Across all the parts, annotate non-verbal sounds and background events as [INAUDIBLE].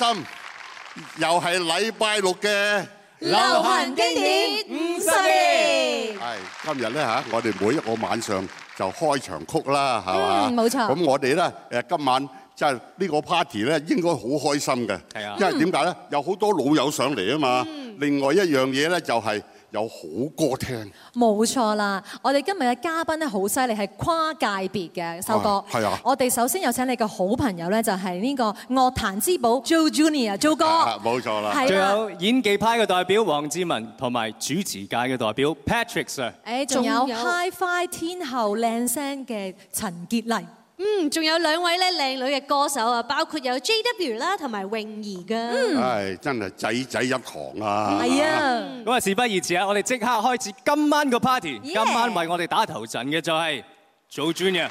心又係禮拜六嘅流行經典五十年。係今日咧嚇，我哋每一個晚上就開場曲啦，係嘛？冇錯。咁我哋咧誒，今晚即係呢個 party 咧，應該好開心嘅。係啊，因為點解咧？有好多老友上嚟啊嘛。另外一樣嘢咧，就係。有好歌聽，冇錯啦！我哋今日嘅嘉賓咧，好犀利，係跨界別嘅首歌的。係啊！我哋首先有請你嘅好朋友咧，就係呢個樂壇之寶 Joe Junior，Joe 哥。冇錯啦。仲是的 有演技派嘅代表黃智雯，同埋主持界嘅代表 Patrick Sir 有。誒有，仲有 Hi-Fi 天后靚聲嘅陳潔麗。嗯，仲有兩位咧靚女嘅歌手啊，包括有 JW 啦，同埋泳兒噶。嗯，真係仔仔入行啦。係啊。咁啊，事不宜遲啊，我哋即刻開始今晚個 party。今晚為我哋打頭陣嘅就係 Joe Junior 嘅。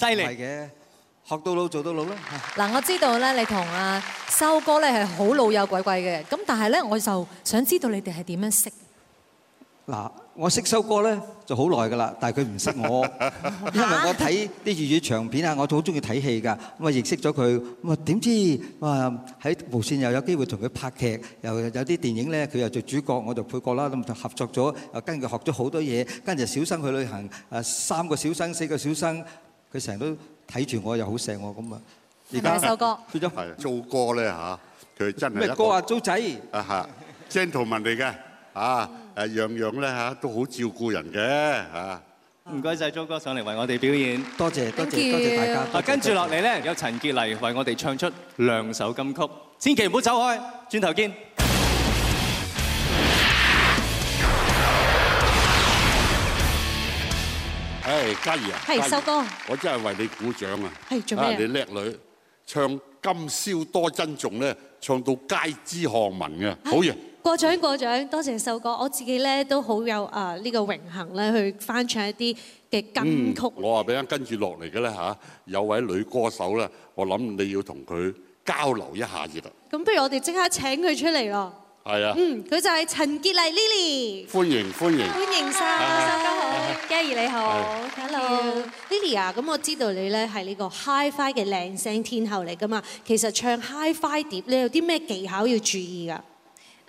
犀利嘅，學到老做到老啦。嗱，我知道咧，你同阿修哥咧係好老友鬼鬼嘅。咁但係咧，我就想知道你哋係點樣識？嗱，我識修哥咧就好耐噶啦，但係佢唔識我，因為我睇啲粵語長片啊，我都好中意睇戲㗎。咁啊，認識咗佢，咁啊點知哇？喺無線又有機會同佢拍劇，又有啲電影咧，佢又做主角，我就配角啦，咁就合作咗，又跟佢學咗好多嘢，跟住小生去旅行，誒三個小生，四個小生。佢成日都睇住我又好錫我咁啊！而家變咗 Joe 哥咧嚇，佢真係咩哥啊？Joe 仔啊嚇，gentleman 嚟嘅嚇，誒樣樣咧嚇都好照顧人嘅嚇。唔該曬，Joe 哥上嚟為我哋表演，多謝多謝多謝大家。嗱，跟住落嚟咧，有陳潔麗為我哋唱出兩首金曲，千祈唔好走開，轉頭見。唉，嘉怡啊，係修哥，儀收歌 我真係為你鼓掌啊！係做咩？你叻女，唱《今宵多珍重》咧，唱到街知巷聞嘅，好嘢！過獎過獎，多謝修哥。我自己咧都好有啊呢個榮幸咧，去翻唱一啲嘅金曲，嗯。我話俾你聽，跟住落嚟嘅咧吓，有位女歌手咧，我諗你要同佢交流一下至得。咁不如我哋即刻請佢出嚟咯。啊，是嗯，佢就係陳潔麗 Lily，歡迎歡迎，歡迎曬，大家好的 g a y 你好的，Hello Lily 啊，咁我知道你咧係呢個 Hi-Fi 嘅靚聲天后嚟㗎嘛，其實唱 Hi-Fi 碟咧有啲咩技巧要注意㗎？誒、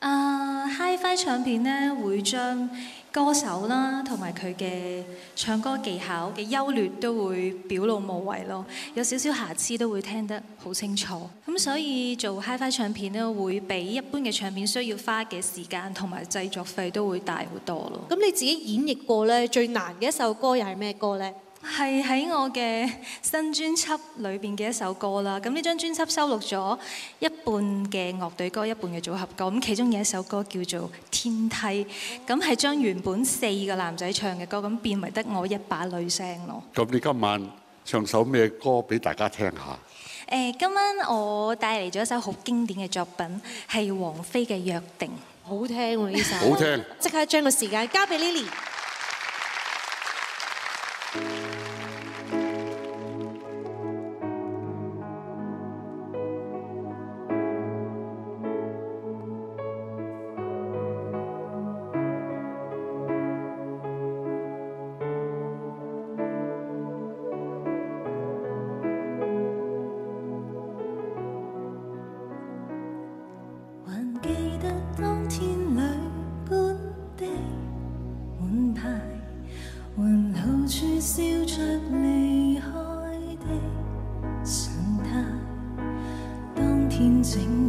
uh, Hi-Fi 唱片咧會將歌手啦，同埋佢嘅唱歌技巧嘅優劣都會表露無遺咯，有少少瑕疵都會聽得好清楚。咁所以做 HiFi 唱片咧，會比一般嘅唱片需要花嘅時間同埋製作費都會大好多咯。咁你自己演繹過咧最難嘅一首歌又係咩歌咧？係喺我嘅新專輯裏邊嘅一首歌啦。咁呢張專輯收錄咗一半嘅樂隊歌，一半嘅組合歌。咁其中有一首歌叫做《天梯》，咁係將原本四個男仔唱嘅歌，咁變為得我一把女聲咯。咁你今晚唱首咩歌俾大家聽下？誒，今晚我帶嚟咗一首好經典嘅作品，係王菲嘅《約定》，好聽喎呢首。好聽即是！即刻將個時間交俾 Lily。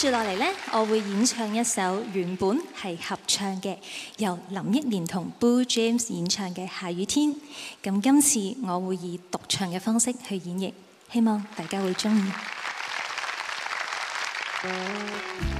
接落嚟呢，我會演唱一首原本係合唱嘅，由林憶蓮同 Boo James 演唱嘅《下雨天》。咁今次我會以獨唱嘅方式去演繹，希望大家會中意。 [MUSIC]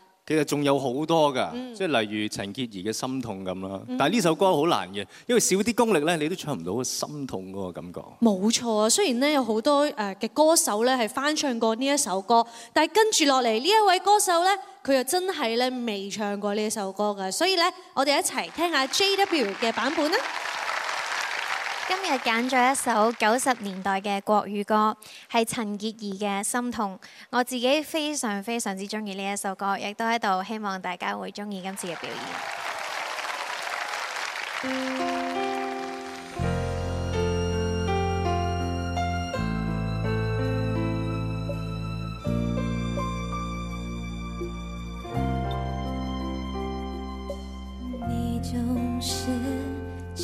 其實仲有好多㗎，即係例如陳潔儀嘅《心痛》咁啦。但係呢首歌好難嘅，因為少啲功力咧，你都唱唔到心痛嗰個感覺。冇錯啊，雖然咧有好多誒嘅歌手咧係翻唱過呢一首歌，但係跟住落嚟呢一位歌手咧，佢又真係咧未唱過呢一首歌㗎。所以咧，我哋一齊聽下 JW 嘅版本啦。今日揀咗一首九十年代嘅國語歌，係陳潔儀嘅《心痛》，我自己非常非常之中意呢一首歌，亦都喺度希望大家會中意今次嘅表演。嗯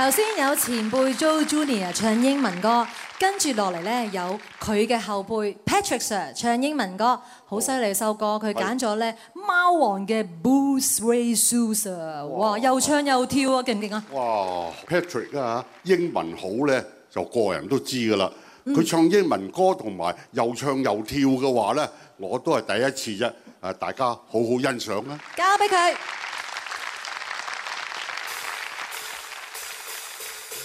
頭先有前輩 Joe Junior 唱英文歌，跟住落嚟咧有佢嘅後輩 Patrick Sir 唱英文歌，好犀利！首歌佢揀咗咧貓王嘅 Blue Suede Shoes，哇！又唱又跳啊，勁唔勁啊？哇！Patrick 啊，英文好咧就個人都知㗎喇，佢唱英文歌同埋又唱又跳嘅話咧，我都係第一次啫。啊，大家好好欣賞啦，交俾佢。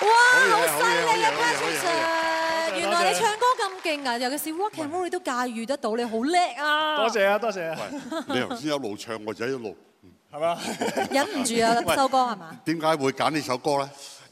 哇，好犀利啊，Patrick Sir！原來你唱歌咁勁啊，尤其是《What Can We》都駕馭得到，你好叻啊！多謝啊，多謝啊！你頭先一路唱，我就一路，係嘛嗎？忍唔住啊，首歌係嘛？點解會揀呢首歌咧？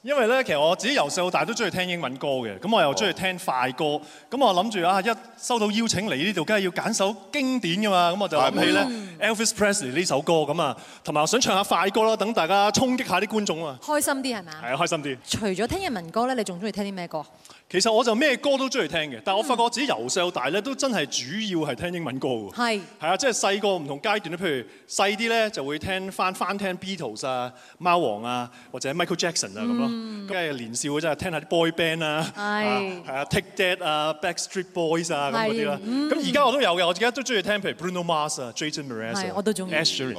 因為咧，其實我自己由細到大都中意聽英文歌嘅，咁我又中意聽快歌，咁我諗住啊，一收到邀請嚟呢度，梗係要揀首經典㗎嘛，咁我就諗起咧 Elvis Presley 呢首歌咁啊，同埋我想唱下快歌咯，等大家衝擊下啲觀眾啊，開心啲係嘛？係啊，開心啲。除咗聽日文歌咧，你仲中意聽啲咩歌？其實我就咩歌都中意聽嘅，但我發覺自己由細到大咧都真係主要係聽英文歌㗎喎。係啊，即係細個唔同階段咧，譬如細啲咧就會聽翻翻聽 Beatles 啊、貓王啊，或者 Michael Jackson 啊咁咯。咁啊年少嘅真係聽下啲 Boy Band 啊，係係啊 Take That 啊、Backstreet Boys 啊咁嗰啲啦。咁而家我都有嘅，我自己都中意聽譬如 Bruno Mars 啊、Jason Mraz 啊，我都中意。Ashley，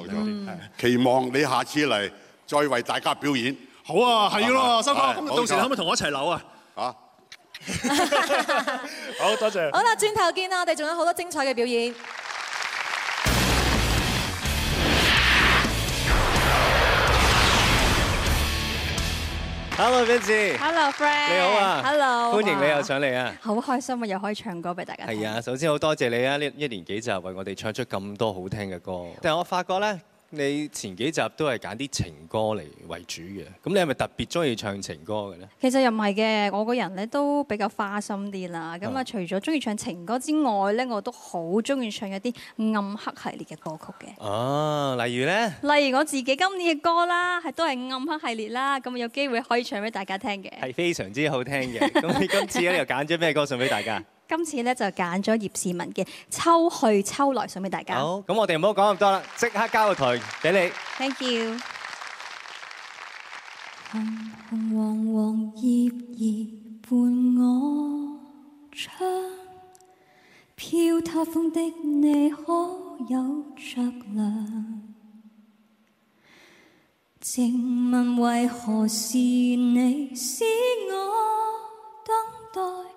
期望你下次嚟再為大家表演。好啊，係咯，修哥，到時可唔可以同我一齊扭啊？啊！ [LAUGHS] 好多謝，謝好了。好啦，轉頭見啦。我哋仲有好多精彩嘅表演。Hello，Benji。Hello，friend。你好啊。Hello。歡迎你又上嚟啊！好開心啊！又可以唱歌俾大家。係啊，首先好多謝你啊！呢一年幾就為我哋唱出咁多好聽嘅歌。但係我發覺咧。你前幾集都係揀啲情歌嚟為主嘅，咁你係咪特別中意唱情歌嘅咧？其實又唔係嘅，我個人咧都比較花心啲啦。咁啊，除咗中意唱情歌之外咧，我都好中意唱一啲暗黑系列嘅歌曲嘅。哦，例如咧？例如我自己今年嘅歌啦，係都係暗黑系列啦。咁啊，有機會可以唱俾大家聽嘅，係非常之好聽嘅。咁你今次咧又揀咗咩歌送俾大家？今次呢，就揀咗葉蒨文嘅《秋去秋來》送俾大家。好，咁我哋唔好講咁多啦，即刻交個台俾你。Thank you。紅紅黃黃葉兒伴我窗。飄泊他方的你可有着涼？靜問為何是你使我等待？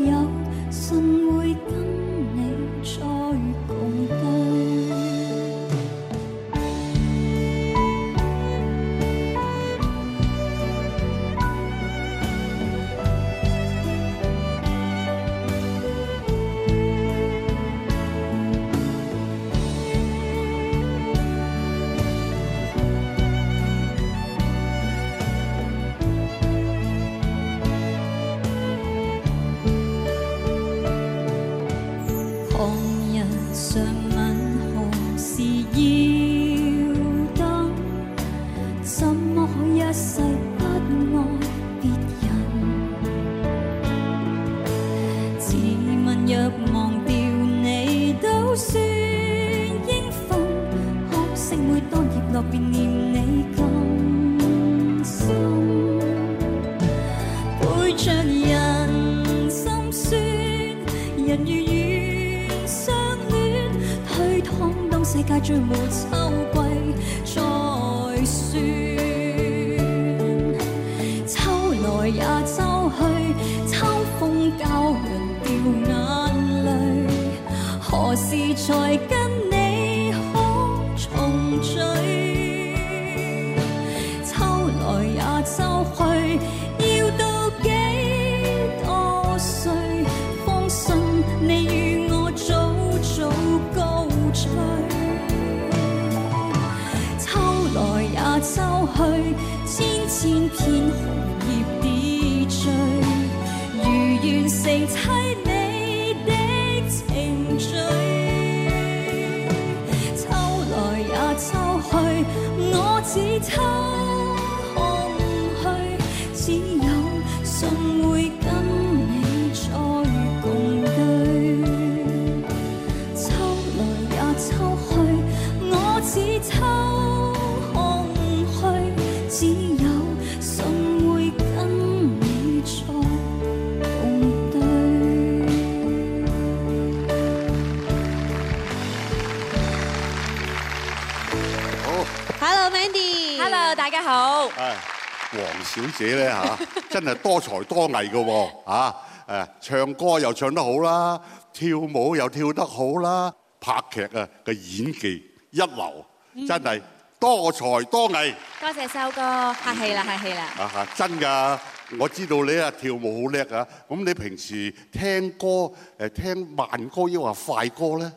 小姐咧嚇，真係多才多藝嘅喎嚇，誒唱歌又唱得好啦，跳舞又跳得好啦，拍劇啊嘅演技一流，真係多才多藝。多謝修哥，客氣啦，客氣啦。啊嚇，真㗎，我知道你啊跳舞好叻啊，咁你平時聽歌誒聽慢歌抑或快歌咧？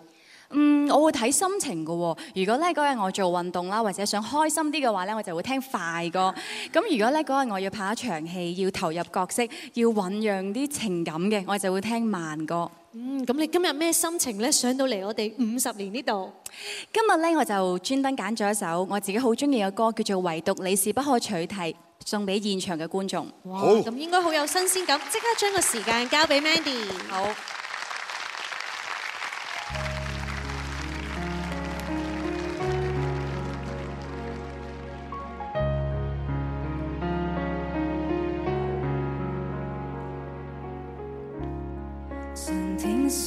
嗯，我會睇心情嘅喎。如果咧嗰日我做運動啦，或者想開心啲嘅話咧，我就會聽快歌。咁如果咧嗰日我要拍一場戲，要投入角色，要醖釀啲情感嘅，我就會聽慢歌。嗯，咁你今日咩心情咧？上到嚟我哋五十年呢度，今日咧我就專登揀咗一首我自己好中意嘅歌，叫做《唯獨你是不可取替》，送俾現場嘅觀眾。好。咁應該好有新鮮感，即刻將個時間交俾 Mandy。好。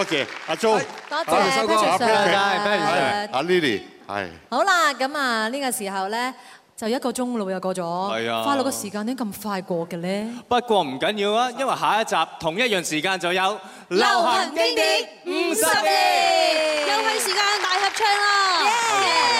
多謝阿鍾，多謝阿修哥，謝謝，阿 Lily，係。好啦，咁啊呢個時候咧，就一個鐘路又過咗，係啊，快樂嘅時間點咁快過嘅咧。不過唔緊要啊，因為下一集同一樣時間就有流行經典五十年，休息時間大合唱啦。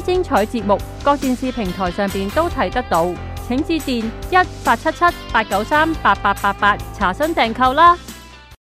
精彩節目，各電視平台上邊都睇得到，請致電一八七七八九三八八八八查詢訂購啦。